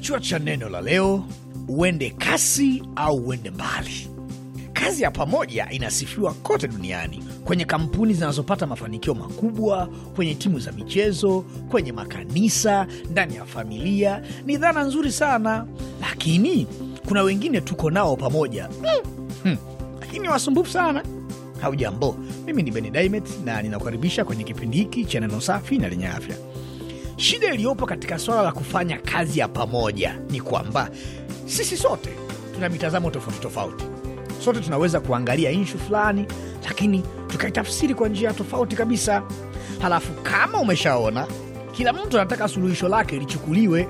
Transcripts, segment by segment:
Kichwa cha neno la leo: uende kasi au uende mbali. Kazi ya pamoja inasifiwa kote duniani, kwenye kampuni zinazopata mafanikio makubwa, kwenye timu za michezo, kwenye makanisa, ndani ya familia. Ni dhana nzuri sana, lakini kuna wengine tuko nao pamoja, hmm, hmm lakini wasumbufu sana. Haujambo, mimi ni Beni na ninakukaribisha kwenye kipindi hiki cha neno safi na lenye afya. Shida iliyopo katika swala la kufanya kazi ya pamoja ni kwamba sisi sote tuna mitazamo tofauti tofauti, sote tunaweza kuangalia inshu fulani, lakini tukaitafsiri kwa njia tofauti kabisa. Halafu kama umeshaona, kila mtu anataka suluhisho lake lichukuliwe,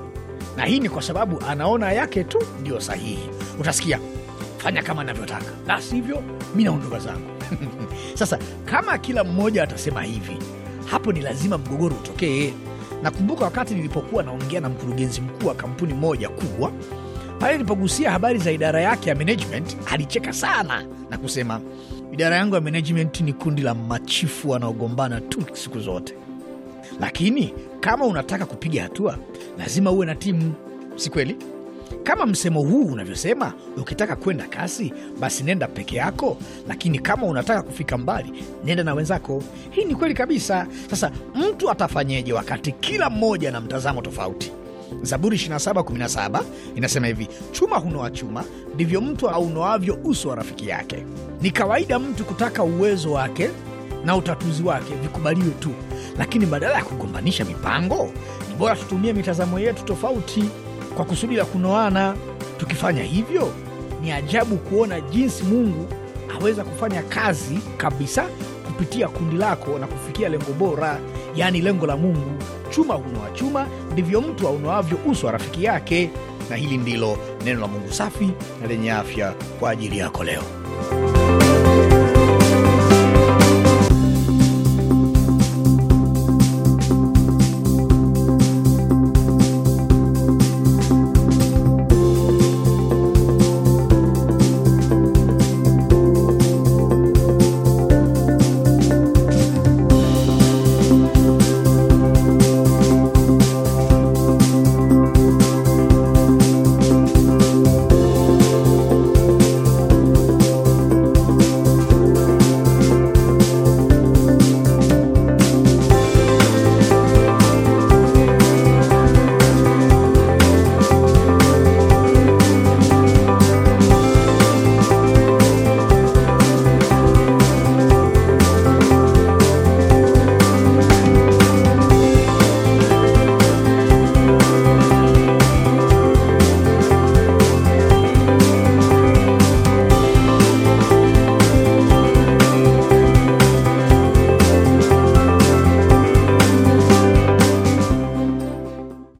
na hii ni kwa sababu anaona yake tu ndiyo sahihi. Utasikia fanya kama anavyotaka la sivyo mi naondoka zangu. Sasa kama kila mmoja atasema hivi, hapo ni lazima mgogoro utokee. Nakumbuka wakati nilipokuwa naongea na mkurugenzi mkuu wa kampuni moja kubwa, pale nilipogusia habari za idara yake ya management, alicheka sana na kusema, idara yangu ya management ni kundi la machifu wanaogombana tu siku zote, lakini kama unataka kupiga hatua lazima uwe na timu, si kweli? Kama msemo huu unavyosema, ukitaka kwenda kasi basi nenda peke yako, lakini kama unataka kufika mbali nenda na wenzako. Hii ni kweli kabisa. Sasa mtu atafanyeje wakati kila mmoja na mtazamo tofauti? Zaburi 27:17 inasema hivi, chuma hunoa chuma, ndivyo mtu aunoavyo uso wa rafiki yake. Ni kawaida mtu kutaka uwezo wake na utatuzi wake vikubaliwe tu, lakini badala ya kugombanisha mipango, ni bora tutumie mitazamo yetu tofauti kwa kusudi la kunoana. Tukifanya hivyo, ni ajabu kuona jinsi Mungu aweza kufanya kazi kabisa kupitia kundi lako na kufikia lengo bora, yaani lengo la Mungu. Chuma hunoa chuma, ndivyo mtu aunoavyo uso wa rafiki yake. Na hili ndilo neno la Mungu safi na lenye afya kwa ajili yako leo.